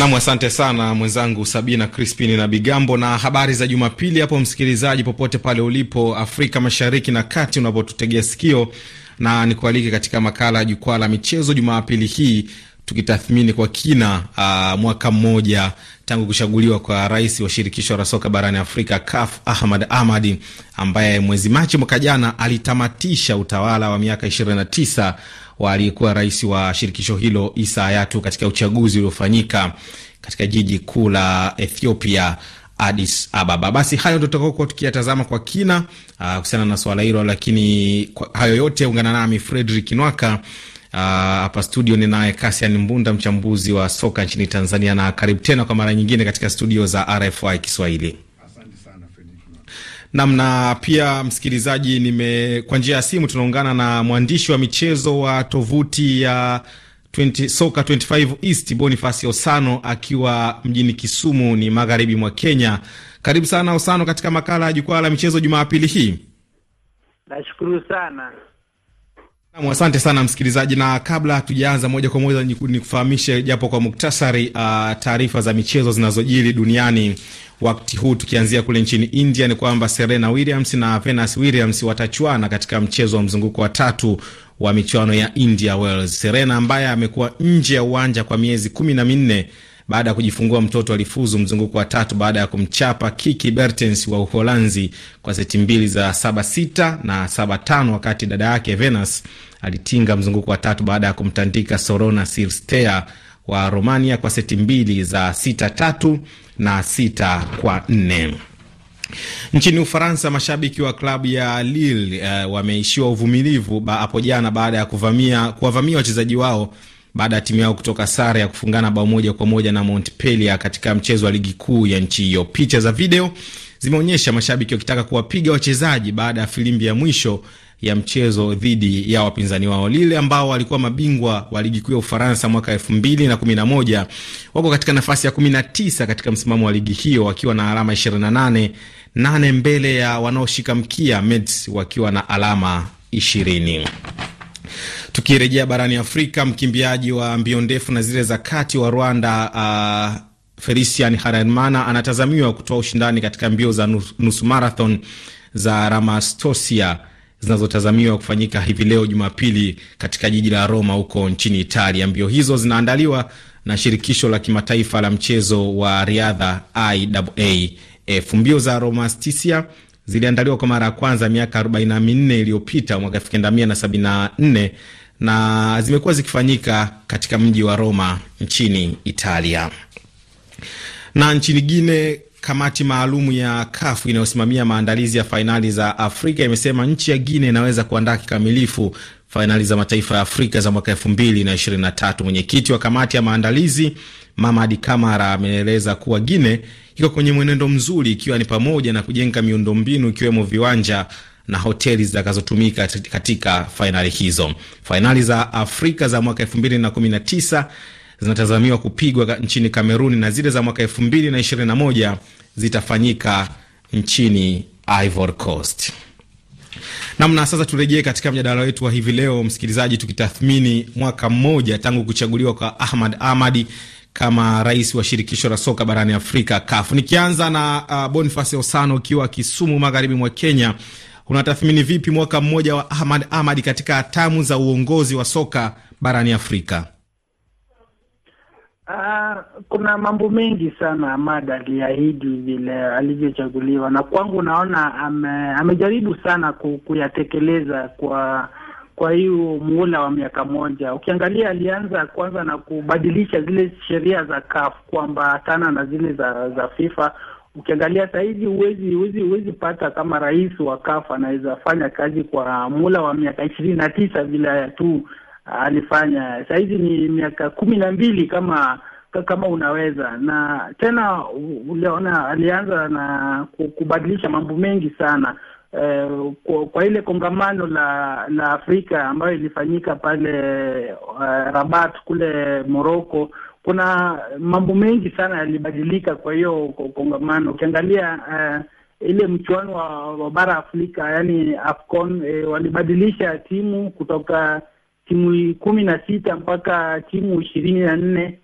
Nam, asante sana mwenzangu Sabina Crispini na Bigambo na habari za Jumapili hapo, msikilizaji popote pale ulipo Afrika Mashariki na Kati unapotutegea sikio, na nikualike katika makala ya Jukwaa la Michezo Jumapili hii tukitathmini kwa kina uh, mwaka mmoja tangu kuchaguliwa kwa rais wa shirikisho la soka barani Afrika CAF Ahmad Ahmadi, ambaye mwezi Machi mwaka jana alitamatisha utawala wa miaka 29 wa aliyekuwa rais wa shirikisho hilo Isa Ayatu katika uchaguzi uliofanyika katika jiji kuu la Ethiopia Addis Ababa. Basi hayo ndo tutakaokuwa tukiyatazama kwa kina ah, kuhusiana na swala hilo, lakini kwa hayo yote ungana nami Fredrick Nwaka ah, hapa studio, ni naye Kasian Mbunda, mchambuzi wa soka nchini Tanzania, na karibu tena kwa mara nyingine katika studio za RFI Kiswahili namna pia msikilizaji, nime kwa njia ya simu tunaungana na mwandishi wa michezo wa tovuti ya 20, Soka 25 East Boniface Osano akiwa mjini Kisumu ni magharibi mwa Kenya. Karibu sana Osano katika makala ya jukwaa la michezo Jumapili hii. Nashukuru sana. Asante sana msikilizaji, na kabla hatujaanza moja kwa moja, nikufahamishe japo kwa muktasari uh, taarifa za michezo zinazojiri duniani wakati huu, tukianzia kule nchini India ni kwamba Serena Williams na Venus Williams watachuana katika mchezo wa mzunguko wa tatu wa michuano ya India Wells. Serena ambaye amekuwa nje ya uwanja kwa miezi kumi na minne baada ya kujifungua mtoto alifuzu mzunguko wa tatu baada ya kumchapa Kiki Bertens wa Uholanzi kwa seti mbili za saba sita na saba tano wakati dada yake Venus alitinga mzunguko wa tatu baada ya kumtandika Sorona Sirstea wa Romania kwa seti mbili za sita tatu na sita kwa nne. Nchini Ufaransa, mashabiki wa klabu ya Lille eh, wameishiwa uvumilivu hapo ba, jana baada ya kuvamia kuwavamia wachezaji wao baada ya timu yao kutoka sare ya kufungana bao moja kwa moja na Montpellier katika mchezo wa ligi kuu ya nchi hiyo. Picha za video zimeonyesha mashabiki wakitaka kuwapiga wachezaji baada ya filimbi ya mwisho ya mchezo dhidi ya wapinzani wao lile ambao walikuwa mabingwa wa ligi kuu ya Ufaransa mwaka elfu mbili na kumi na moja. Wako katika nafasi ya kumi na tisa katika msimamo wa ligi hiyo wakiwa na alama ishirini na nane nane mbele ya wanaoshika mkia Mets wakiwa na alama ishirini. Tukirejea barani Afrika, mkimbiaji wa mbio ndefu na zile za kati wa Rwanda uh, Felician Harerimana anatazamiwa kutoa ushindani katika mbio za nusu marathon za Ramastosia zinazotazamiwa kufanyika hivi leo Jumapili katika jiji la Roma huko nchini Italia. Mbio hizo zinaandaliwa na shirikisho la kimataifa la mchezo wa riadha IAAF. Mbio za Romastisia ziliandaliwa kwa mara ya kwanza miaka 44 iliyopita mwaka 1974 na zimekuwa zikifanyika katika mji wa Roma nchini Italia. Na nchini Gine Kamati maalum ya KAFU inayosimamia maandalizi ya fainali za Afrika imesema nchi ya Guine inaweza kuandaa kikamilifu fainali za mataifa ya Afrika za mwaka elfu mbili na ishirini na tatu. Mwenyekiti wa kamati ya maandalizi Mamadi Kamara ameeleza kuwa Guine iko kwenye mwenendo mzuri, ikiwa ni pamoja na kujenga miundombinu ikiwemo viwanja na hoteli zitakazotumika katika fainali hizo. Fainali za Afrika za mwaka elfu mbili na kumi na tisa zinatazamiwa kupigwa nchini Kameruni na zile za mwaka moja zitafanyika nchini Ivory Coast. Namna sasa, turejee katika mjadala wetu wa hivi leo, msikilizaji, tukitathmini mwaka mmoja tangu kuchaguliwa kwa Ahmad Ahmadi kama rais wa shirikisho la soka barani Afrika, CAF. Nikianza na uh, Boniface Osano, ukiwa Kisumu, magharibi mwa Kenya, unatathmini vipi mwaka mmoja wa Ahmad Ahmadi katika hatamu za uongozi wa soka barani Afrika? Uh, kuna mambo mengi sana Ahmad aliahidi vile alivyochaguliwa, na kwangu naona ame, amejaribu sana kuyatekeleza kwa kwa hiyo muhula wa miaka moja. Ukiangalia, alianza kwanza na kubadilisha zile sheria za CAF hatana na zile za, za FIFA. Ukiangalia saa hizi huwezi huwezi huwezi pata kama rais wa CAF anaweza fanya kazi kwa muhula wa miaka ishirini na tisa vile tu alifanya. Saa hizi ni miaka kumi na mbili kama kama unaweza. Na tena uliona alianza na kubadilisha mambo mengi sana Uh, kwa, kwa ile kongamano la la Afrika ambayo ilifanyika pale uh, Rabat kule Morocco, kuna mambo mengi sana yalibadilika. Kwa hiyo kongamano, ukiangalia uh, ile mchuano wa, wa bara Afrika yani AFCON eh, walibadilisha timu kutoka timu kumi na sita mpaka timu ishirini na nne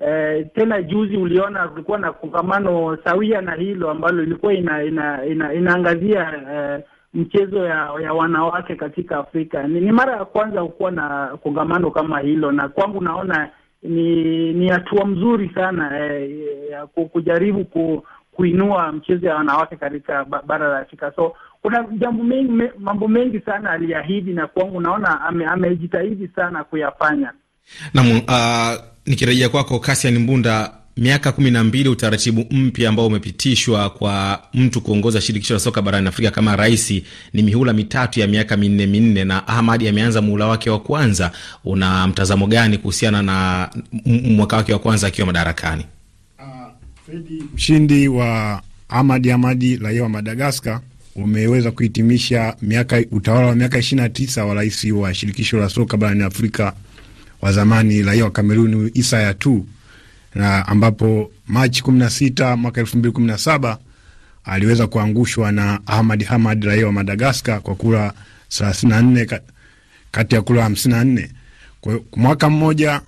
eh, tena juzi uliona kulikuwa na kongamano sawia na hilo ambalo ilikuwa ina, ina, ina, inaangazia eh, mchezo ya, ya wanawake katika Afrika. Ni, ni mara ya kwanza kukuwa na kongamano kama hilo, na kwangu naona ni ni hatua mzuri sana eh, ya kujaribu ku, kuinua mchezo ya wanawake katika bara la Afrika. So kuna jambo mengi, mambo mengi sana aliahidi, na kwangu naona amejitahidi ame sana kuyafanya. Nam uh, ah, nikirejea kwako Kasian Mbunda, miaka kumi na mbili, utaratibu mpya ambao umepitishwa kwa mtu kuongoza shirikisho la soka barani Afrika kama rais ni mihula mitatu ya miaka minne minne, na Ahmadi ameanza muhula wake wa kwanza. Una mtazamo gani kuhusiana na mwaka wake wa kwanza akiwa madarakani? Uh, ah, Fredi, mshindi wa Ahmadi Ahmadi raia wa Madagaskar umeweza kuhitimisha miaka utawala wa miaka ishirini na tisa wa rais wa shirikisho la soka barani Afrika wa zamani raia wa Kameruni Isaya tu na ambapo Machi kumi na sita mwaka elfu mbili kumi na saba aliweza kuangushwa na Ahmad Hamad raia wa Madagaskar kwa kura thelathini na nne kati ya kura hamsini na nne kwa mwaka mmoja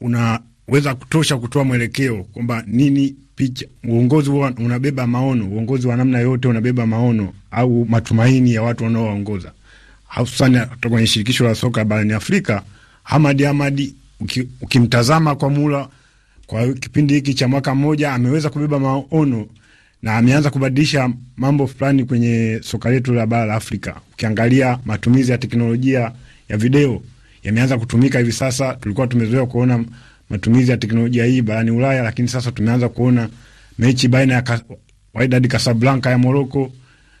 unaweza kutosha kutoa mwelekeo kwamba nini picha. Uongozi unabeba maono, uongozi wa namna yote unabeba maono au matumaini ya watu wanaowaongoza, hususan kutoka kwenye shirikisho la soka barani Afrika. Hamadi Hamadi uki, ukimtazama kwa mula kwa kipindi hiki cha mwaka mmoja ameweza kubeba maono na ameanza kubadilisha mambo fulani kwenye soka letu la bara la Afrika. Ukiangalia matumizi ya teknolojia ya video yameanza kutumika hivi sasa. Tulikuwa tumezoea kuona matumizi ya teknolojia hii barani Ulaya, lakini sasa tumeanza kuona mechi baina ya Wydad Casablanca ya Morocco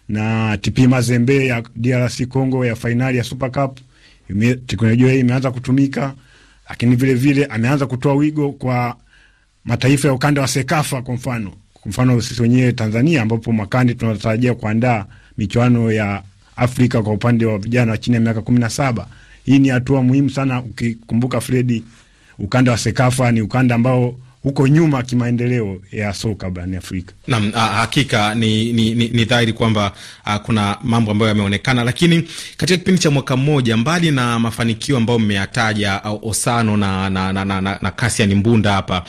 na TP Mazembe ya DRC Congo ya fainali ya Super Cup teknolojia hii imeanza kutumika, lakini vile vile ameanza kutoa wigo kwa mataifa ya ukanda wa Sekafa kwa mfano, kwa mfano sisi wenyewe Tanzania, ambapo mwakani tunatarajia kuandaa michuano ya Afrika kwa upande wa vijana wa chini ya miaka kumi na saba. Hii ni hatua muhimu sana. Ukikumbuka Fredi, ukanda wa Sekafa ni ukanda ambao huko nyuma kimaendeleo ya soka barani Afrika. Naam, hakika ni, ni, ni, ni dhahiri kwamba kuna mambo ambayo yameonekana, lakini katika kipindi cha mwaka mmoja, mbali na mafanikio ambayo mmeyataja Osano na, na, na, na, na, na Kasian Mbunda hapa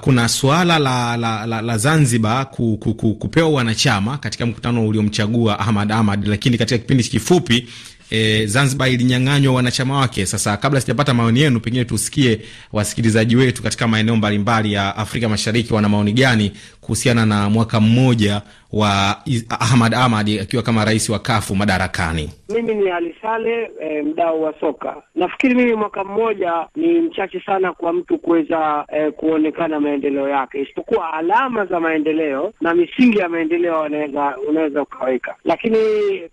kuna suala la, la, la, la Zanzibar ku, ku, ku, kupewa wanachama katika mkutano uliomchagua Ahmad Ahmad, lakini katika kipindi kifupi e, Zanzibar ilinyang'anywa wanachama wake. Sasa kabla sijapata maoni yenu, pengine tusikie wasikilizaji wetu katika maeneo mbalimbali ya Afrika Mashariki wana maoni gani kuhusiana na mwaka mmoja wa Ahmad Ahmad akiwa kama rais wa kafu madarakani. Mimi ni Ali Sale, e, eh, mdau wa soka. Nafikiri mimi mwaka mmoja ni mchache sana kwa mtu kuweza e, kuonekana maendeleo yake, isipokuwa alama za maendeleo na misingi ya maendeleo unaweza unaweza ukaweka, lakini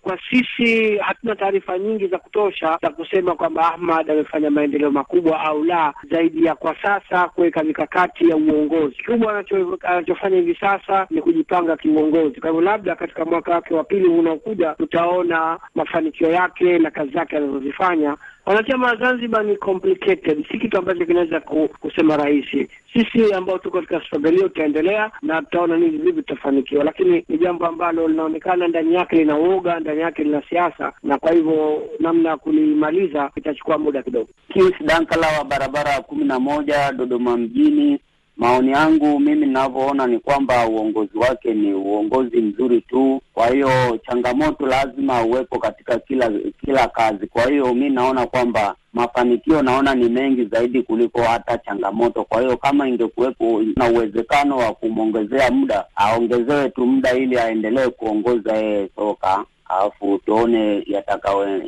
kwa sisi hatuna taarifa nyingi za kutosha za kusema kwamba Ahmad amefanya maendeleo makubwa au la, zaidi ya kwa sasa kuweka mikakati ya uongozi. Kikubwa anachofanya hivi sasa ni kujipanga kiuongozi tofauti. Kwa hivyo, labda katika mwaka wake wa pili unaokuja tutaona mafanikio yake na kazi zake anazozifanya. Wanachama Zanzibar ni complicated, si kitu ambacho kinaweza kusema rahisi. Sisi ambao tuko katika struggle hiyo tutaendelea na tutaona nini, vipi tutafanikiwa, lakini ni jambo ambalo linaonekana ndani yake lina uoga, ndani yake lina siasa, na kwa hivyo namna ya kulimaliza itachukua muda kidogo. Kings Dankala wa barabara ya kumi na moja Dodoma mjini. Maoni yangu mimi ninavyoona ni kwamba uongozi wake ni uongozi mzuri tu. Kwa hiyo changamoto lazima uwepo katika kila kila kazi. Kwa hiyo mi naona kwamba mafanikio naona ni mengi zaidi kuliko hata changamoto. Kwa hiyo kama ingekuwepo na uwezekano wa kumwongezea muda, aongezewe tu muda ili aendelee kuongoza yeye soka, alafu tuone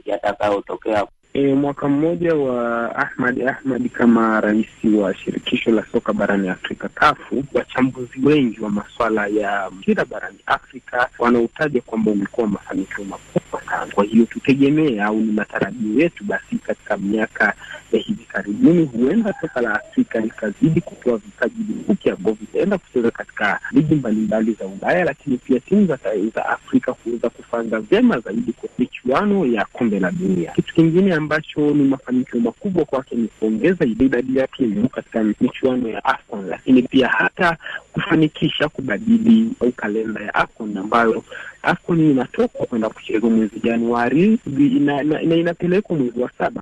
yatakayotokea e, mwaka mmoja wa Ahmad Ahmad kama rais wa shirikisho la soka barani Afrika kafu, wachambuzi wengi wa maswala ya mpira barani Afrika wanaotaja kwamba umekuwa mafanikio makubwa sana. Kwa hiyo tutegemee au ni matarajio yetu basi, katika miaka ya hivi karibuni, huenda soka la Afrika likazidi kutoa vipaji vipya ambao vitaenda kucheza katika ligi mbalimbali za Ulaya, lakini pia timu za Afrika kuweza kufanga vyema zaidi kwa michuano ya kombe la dunia. Kitu kingine ambacho ni mafanikio makubwa kwake ni kuongeza idadi ya timu katika michuano ya AFCON, lakini pia hata kufanikisha kubadili au kalenda ya AFCON ambayo AFCON inatoka kwenda kuchezwa mwezi Januari na ina, ina, inapelekwa mwezi wa saba.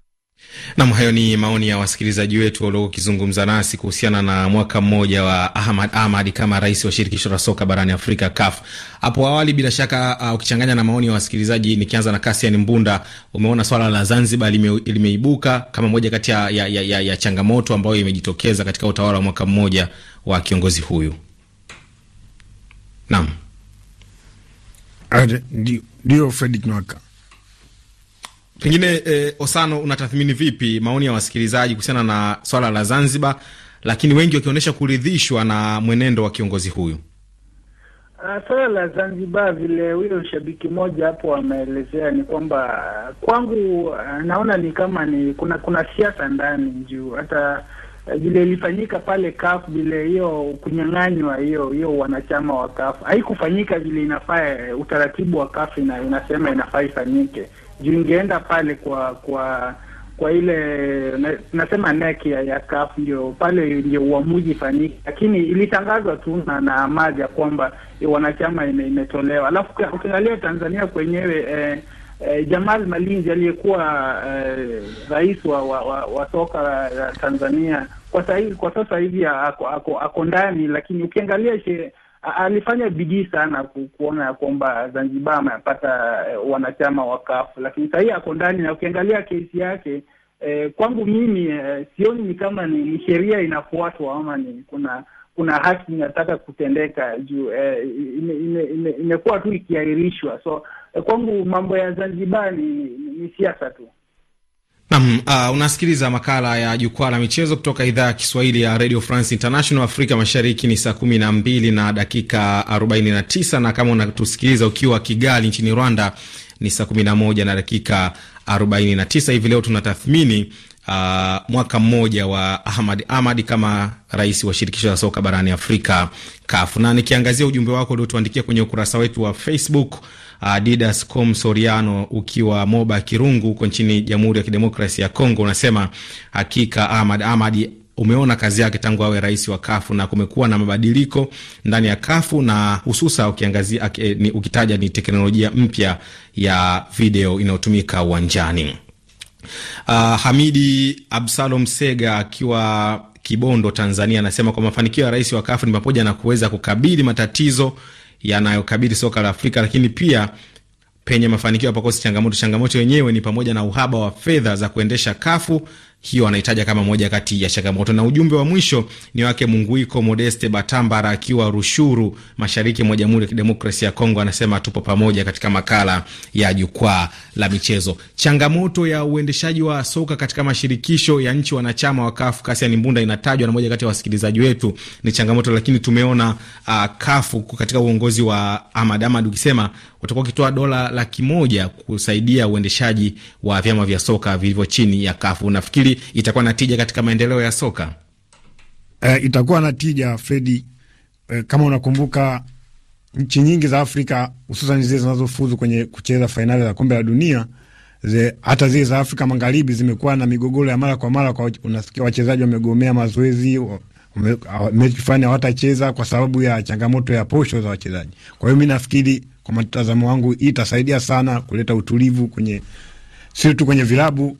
Nam, hayo ni maoni ya wasikilizaji wetu waliokizungumza nasi kuhusiana na mwaka mmoja wa Ahmad Ahmad kama rais wa shirikisho la soka barani Afrika, CAF. Hapo awali, bila shaka uh, ukichanganya na maoni ya wasikilizaji, nikianza na Kasian Mbunda, umeona swala la Zanzibar lime, limeibuka kama moja kati ya, ya, ya, ya changamoto ambayo imejitokeza katika utawala wa mwaka mmoja wa kiongozi huyu. Nam, ndio Fredrick Nwaka. Pengine eh, Osano, unatathmini vipi maoni ya wasikilizaji kuhusiana na swala la Zanzibar, lakini wengi wakionyesha kuridhishwa na mwenendo wa kiongozi huyu? Uh, swala la Zanzibar vile huyo shabiki mmoja hapo ameelezea ni kwamba kwangu ah, naona ni kama ni kuna kuna siasa ndani juu hata eh, vile ilifanyika pale CAF vile hiyo kunyang'anywa hiyo hiyo wanachama wa CAF haikufanyika vile inafaa. Eh, utaratibu wa CAF ina, inasema inafaa ifanyike juu ingeenda pale kwa kwa kwa ile na, nasema e ya, ya CAF ndio pale ndio uamuzi fanyike, lakini ilitangazwa tu na na Amadi ya kwamba wanachama ime, imetolewa. Alafu ukiangalia Tanzania kwenyewe eh, eh, Jamal Malinzi aliyekuwa eh, rais wa, wa, wa, wa soka la Tanzania kwa, sahi, kwa sasa hivi ako ndani, lakini ukiangalia alifanya bidii sana kuona ya kwamba Zanzibar amepata eh, wanachama wa kafu lakini sahii ako ndani na ukiangalia kesi yake eh, kwangu mimi eh, sioni ni kama ni, ni sheria inafuatwa ama ni kuna kuna haki inataka kutendeka juu eh, imekuwa tu ikiahirishwa. So eh, kwangu mambo ya Zanzibar ni, ni, ni siasa tu. Nam uh, unasikiliza makala ya jukwaa la michezo kutoka idhaa ya Kiswahili ya Radio France International. Afrika Mashariki ni saa kumi na mbili na dakika arobaini na tisa na kama unatusikiliza ukiwa Kigali nchini Rwanda ni saa kumi na moja na dakika arobaini na tisa. Hivi leo tunatathmini uh, mwaka mmoja wa Ahmad Ahmad kama rais wa shirikisho la soka barani Afrika, KAFU, na nikiangazia ujumbe wako uliotuandikia kwenye ukurasa wetu wa Facebook. Adidas Com Soriano ukiwa Moba Kirungu huko nchini Jamhuri ya Kidemokrasia ya Kongo, unasema hakika Ahmad Ahmad umeona kazi yake tangu awe rais wa Kafu na kumekuwa na mabadiliko ndani ya Kafu na hususa ukiangazia, eh, ukitaja ni teknolojia mpya ya video inayotumika uwanjani. Uh, Hamidi Absalom Sega akiwa Kibondo, Tanzania, anasema kwa mafanikio ya rais wa Kafu ni pamoja na kuweza kukabili matatizo yanayokabili soka la Afrika, lakini pia penye mafanikio hapakosi changamoto. Changamoto yenyewe ni pamoja na uhaba wa fedha za kuendesha kafu hiyo anahitaja kama moja kati ya changamoto. Na ujumbe wa mwisho ni wake Munguiko Modeste Batambara akiwa Rushuru, mashariki mwa Jamhuri ya Kidemokrasia ya Kongo. Anasema tupo pamoja katika makala ya jukwaa la michezo. Changamoto ya uendeshaji wa soka katika mashirikisho ya nchi wanachama wa KAFU, Kasian Mbunda, inatajwa na moja kati ya wasikilizaji wetu ni changamoto, lakini tumeona uh, KAFU katika uongozi wa Ahmad ukisema utakuwa ukitoa dola laki moja kusaidia uendeshaji wa vyama vya soka vilivyo chini ya kafu. Nafikiri itakuwa na tija katika maendeleo ya soka. E, itakuwa na tija Fredi. E, kama unakumbuka nchi nyingi za Afrika hususan zile zinazofuzu kwenye kucheza fainali za kombe la dunia ze, hata zile za Afrika Magharibi zimekuwa na migogoro ya mara kwa mara. Kwa unasikia wachezaji wamegomea mazoezi, mechi fulani hawatacheza kwa sababu ya changamoto ya posho za wachezaji. Kwa hiyo mi nafikiri kwa mtazamo wangu, hii itasaidia sana kuleta utulivu kwenye sio tu kwenye vilabu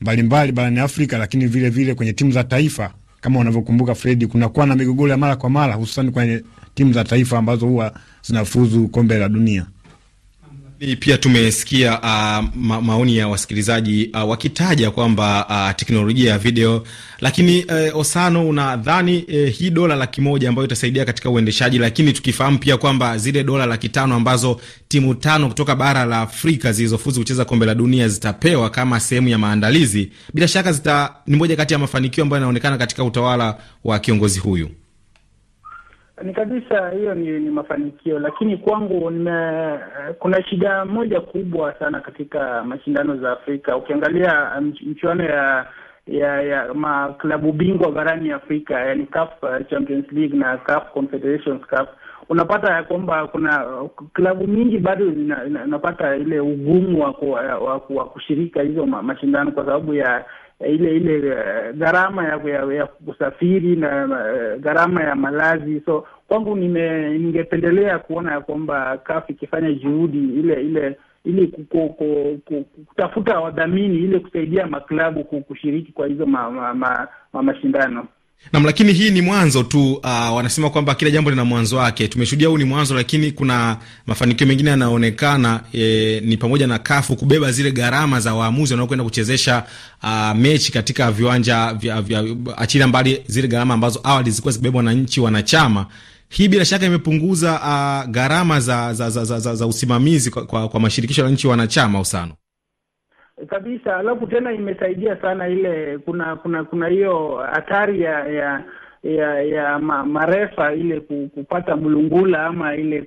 mbalimbali barani Afrika, lakini vile vile kwenye timu za taifa. Kama unavyokumbuka Fredi, kunakuwa na migogoro ya mara kwa mara, hususan kwenye timu za taifa ambazo huwa zinafuzu kombe la dunia. Pia tumesikia uh, ma maoni ya wasikilizaji uh, wakitaja kwamba uh, teknolojia ya video, lakini uh, Osano, unadhani uh, hii dola laki moja ambayo itasaidia katika uendeshaji, lakini tukifahamu pia kwamba zile dola laki tano ambazo timu tano kutoka bara la Afrika zilizofuzu kucheza kombe la dunia zitapewa kama sehemu ya maandalizi, bila shaka zita, ni moja kati ya mafanikio ambayo yanaonekana katika utawala wa kiongozi huyu. Ni kabisa hiyo ni, ni mafanikio, lakini kwangu nime, kuna shida moja kubwa sana katika mashindano za Afrika. Ukiangalia mchuano um, ya ya ya maklabu bingwa barani Afrika, yani CAF uh, Champions League na CAF Confederations Cup, unapata ya kwamba kuna uh, klabu nyingi bado inapata ile ugumu wa, wa kushirika hizo mashindano kwa sababu ya ile ile eh, gharama ya, ya, ya kusafiri na uh, gharama ya malazi. So kwangu ningependelea kuona ya kwamba CAF ikifanya juhudi ile ile ili kutafuta wadhamini ili kusaidia maklabu kushiriki kwa hizo ma, ma, ma, ma mashindano. Nam, lakini hii ni mwanzo tu. Uh, wanasema kwamba kila jambo lina mwanzo wake. Tumeshuhudia huu ni mwanzo, lakini kuna mafanikio mengine yanaonekana. E, ni pamoja na kafu kubeba zile gharama za waamuzi wanaokwenda kuchezesha uh, mechi katika viwanja vya, vya, achilia mbali zile gharama ambazo awali zilikuwa zikibebwa na nchi wanachama. Hii bila shaka imepunguza uh, gharama za, za, za, za, za, za usimamizi kwa, kwa, kwa mashirikisho ya nchi wanachama usano kabisa. Alafu tena imesaidia sana ile, kuna kuna kuna hiyo hatari ya ya ya, ya ma, marefa ile kupata mlungula ama ile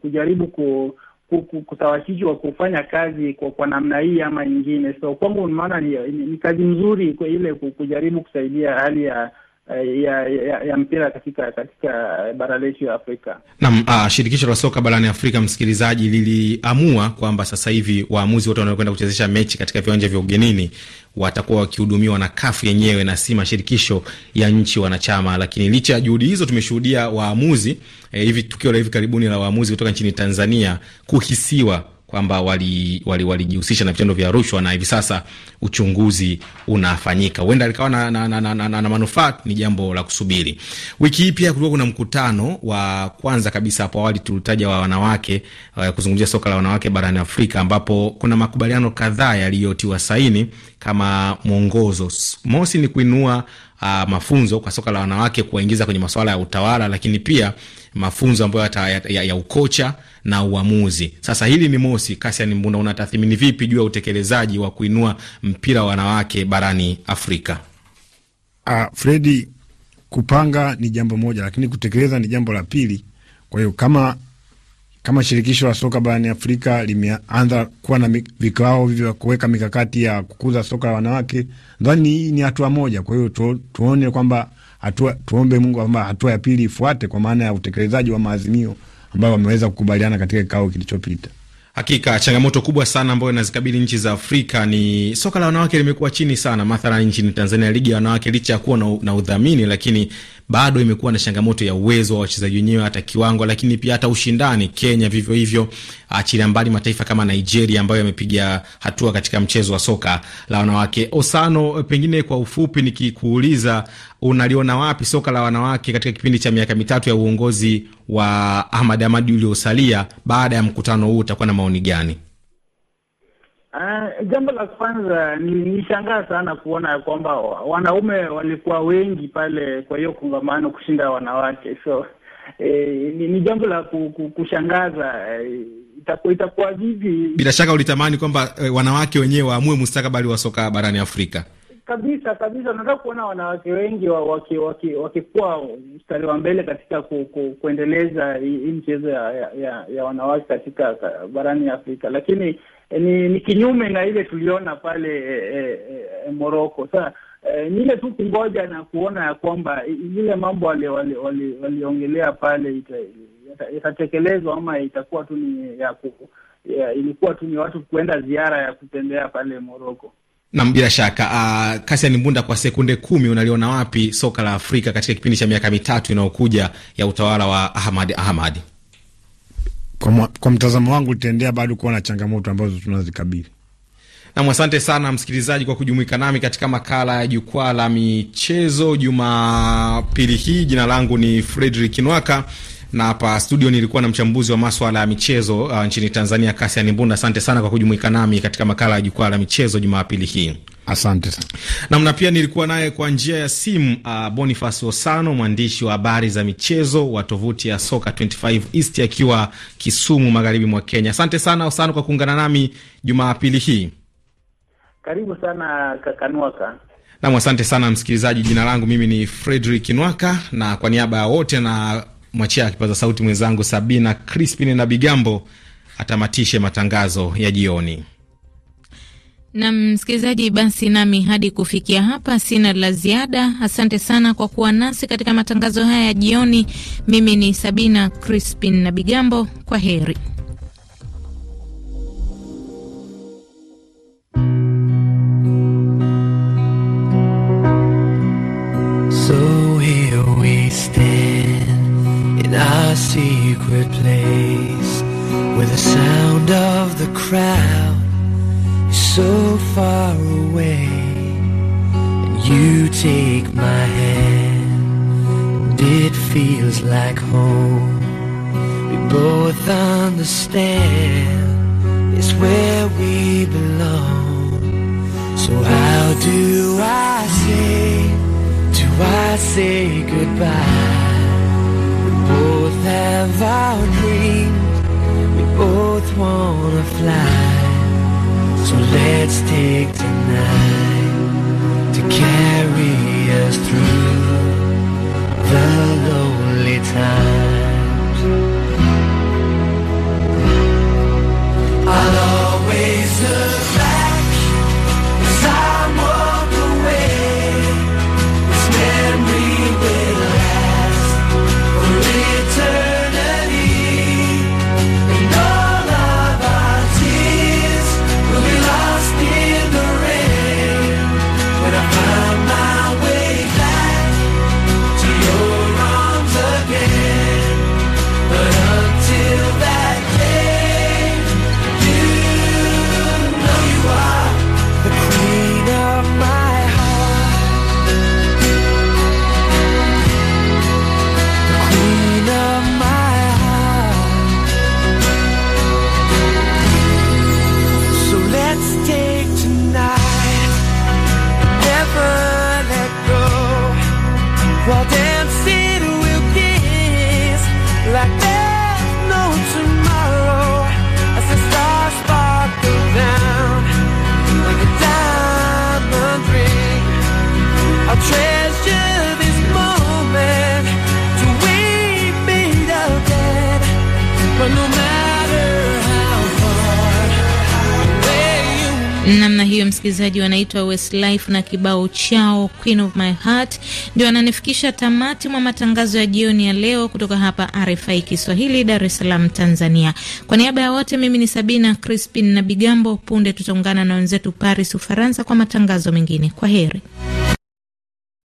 kujaribu ku, ku, ku, kusawasishwa kufanya kazi kwa, kwa namna hii ama nyingine. So kwangu maana ni, ni, ni kazi nzuri kwa ile kujaribu kusaidia hali ya Eh, ya, ya, ya mpira katika katika bara letu ya Afrika. Naam, uh, shirikisho la soka barani Afrika, msikilizaji, liliamua kwamba sasa hivi waamuzi wote wanaokwenda kuchezesha mechi katika viwanja vya ugenini watakuwa wakihudumiwa na kafu yenyewe na si mashirikisho ya nchi wanachama. Lakini licha ya juhudi hizo, tumeshuhudia waamuzi eh, hivi tukio la hivi karibuni la waamuzi kutoka nchini Tanzania kuhisiwa kwamba walijihusisha wali, wali na vitendo vya rushwa na hivi sasa uchunguzi unafanyika. Huenda likawa na, na, na, na, na, na na manufaa, ni jambo la kusubiri. Wiki hii pia kulikuwa kuna mkutano wa kwanza kabisa, hapo awali tulitaja wa wanawake uh, kuzungumzia soka la wanawake barani Afrika, ambapo kuna makubaliano kadhaa yaliyotiwa saini kama mwongozo. Mosi ni kuinua Uh, mafunzo kwa soka la wanawake kuwaingiza kwenye masuala ya utawala, lakini pia mafunzo ambayo ya, ya, ya ukocha na uamuzi. Sasa hili ni mosi, Kasian Mbunda, unatathmini vipi juu ya utekelezaji wa kuinua mpira wa wanawake barani Afrika? Uh, Fredi, kupanga ni jambo moja, lakini kutekeleza ni jambo la pili. Kwa hiyo kama kama shirikisho la soka barani Afrika limeanza kuwa na vikao hivyo kuweka mikakati ya kukuza soka la wanawake, nadhani hii ni hatua moja. Kwa hiyo tuone kwamba hatua, tuombe Mungu kwamba hatua ya pili ifuate, kwa maana ya utekelezaji wa maazimio ambayo wameweza kukubaliana katika kikao kilichopita. Hakika changamoto kubwa sana ambayo inazikabili nchi za Afrika ni soka la wanawake limekuwa chini sana. Mathalan nchini Tanzania, ligi ya wanawake licha ya kuwa na, na udhamini, lakini bado imekuwa na changamoto ya uwezo wa wachezaji wenyewe, hata kiwango, lakini pia hata ushindani. Kenya vivyo hivyo, ah, achilia mbali mataifa kama Nigeria ambayo yamepiga hatua katika mchezo wa soka la wanawake. Osano, pengine kwa ufupi nikikuuliza, unaliona wapi soka la wanawake katika kipindi cha miaka mitatu ya uongozi wa Ahmad amadi uliosalia baada ya mkutano huu utakuwa na maoni gani? Uh, jambo la kwanza nishangaa sana kuona ya kwamba wanaume walikuwa wengi pale kwa hiyo kongamano kushinda wanawake, so eh, ni, ni jambo la kushangaza eh, itakuwa vivi. Bila shaka ulitamani kwamba eh, wanawake wenyewe waamue mustakabali wa soka barani Afrika kabisa kabisa. Nataka kuona wanawake wengi wakikuwa waki, waki mstari wa mbele katika ku, ku, kuendeleza hii mchezo ya, ya, ya wanawake katika barani Afrika, lakini eh, ni, ni kinyume na ile tuliona pale e, eh, e, eh, Moroko. Sasa e, ni ile tu kungoja na kuona ya kwamba ile mambo waliongelea wali, wali, wali pale itatekelezwa ama itakuwa tu ni ya, ku, ya ilikuwa tu ni watu kuenda ziara ya kutembea pale moroko Nam, bila shaka uh, ah, Kasian Mbunda, kwa sekunde kumi, unaliona wapi soka la Afrika katika kipindi cha miaka mitatu inayokuja ya utawala wa Ahmad Ahmad? Kwa, kwa mtazamo wangu litaendea bado kuwa na changamoto ambazo tunazikabili. Nam, asante sana msikilizaji kwa kujumuika nami katika makala ya jukwaa la michezo jumapili hii. Jina langu ni Fredrik Nwaka na hapa studio nilikuwa na mchambuzi wa maswala ya michezo uh, nchini Tanzania, Kasian Mbunda. Asante sana kwa kujumuika nami katika makala ya jukwaa la michezo Jumapili hii. Asante sana namna. Pia nilikuwa naye kwa njia ya simu uh, Boniface Osano, mwandishi wa habari za michezo wa tovuti ya Soka 25 East akiwa Kisumu, magharibi mwa Kenya. Asante sana Osano kwa kuungana nami Jumapili hii. Karibu sana Kakanuaka. Nam, asante sana msikilizaji. Jina langu mimi ni Fredrick Nwaka, na kwa niaba ya wote na mwachia kipaza sauti mwenzangu Sabina Crispin na Bigambo atamatishe matangazo ya jioni. Na msikilizaji, basi nami hadi kufikia hapa sina la ziada. Asante sana kwa kuwa nasi katika matangazo haya ya jioni. Mimi ni Sabina Crispin na Bigambo, kwa heri. secret place where the sound of the crowd is so far away. And you take my hand, and it feels like home. We both understand it's where we belong. So how do I say, do I say goodbye? We both have our dreams. We both wanna fly. So let's take tonight to carry us through the lonely time. hiyo msikilizaji, wanaitwa Westlife na kibao chao Queen of My Heart. Ndio ananifikisha tamati mwa matangazo ya jioni ya leo kutoka hapa RFI Kiswahili, Dar es Salaam, Tanzania. Kwa niaba ya wote, mimi ni Sabina Crispin na Bigambo. Punde tutaungana na wenzetu Paris, Ufaransa, kwa matangazo mengine. Kwa heri.